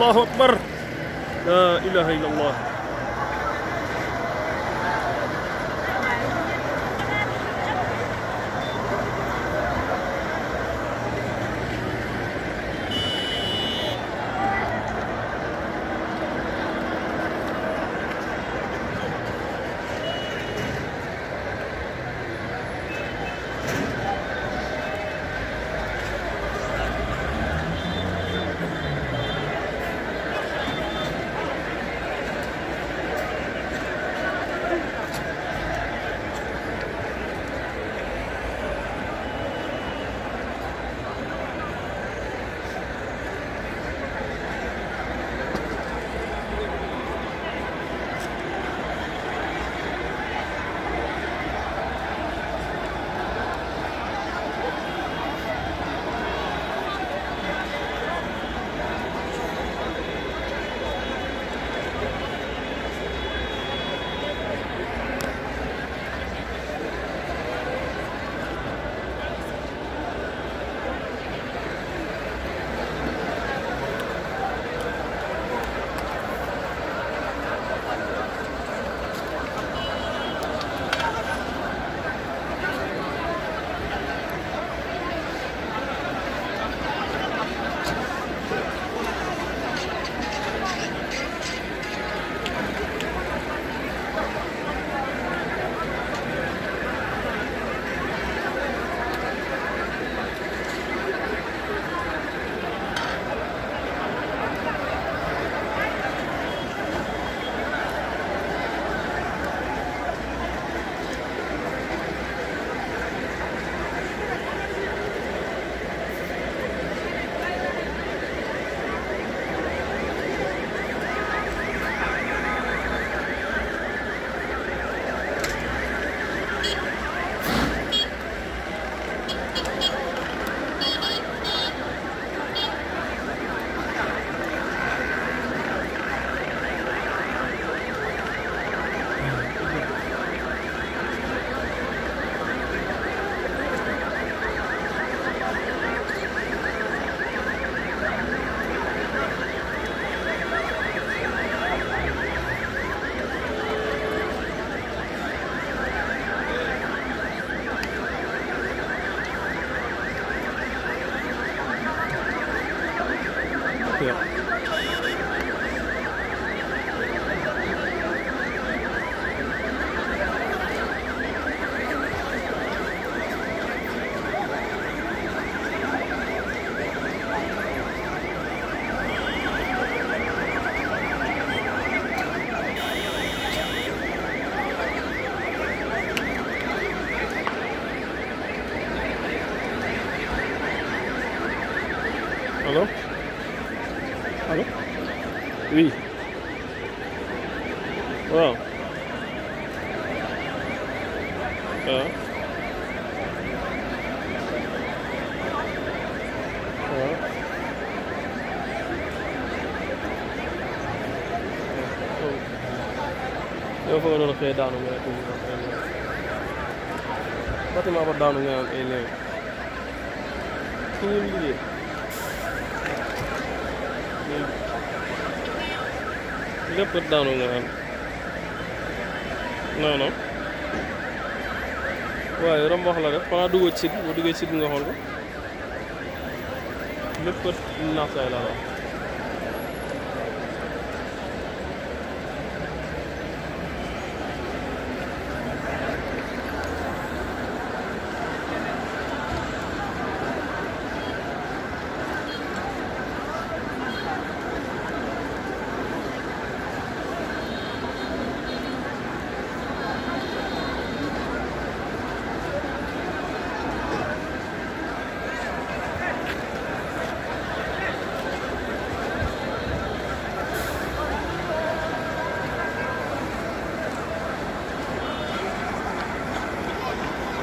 allahu akbar la ilaha illallah Allô Allô Oui. Waaw. Waaw. Waaw. Yow foo doon xëy daanu nga tudd bâtiment ba daanu nga am ay léegi. Ci ñuy liggéey. lépp daanu nga xam non waaye romb la rek xanaa duggoo ci site boo duggee nga xool ko lépp naaf saay laa la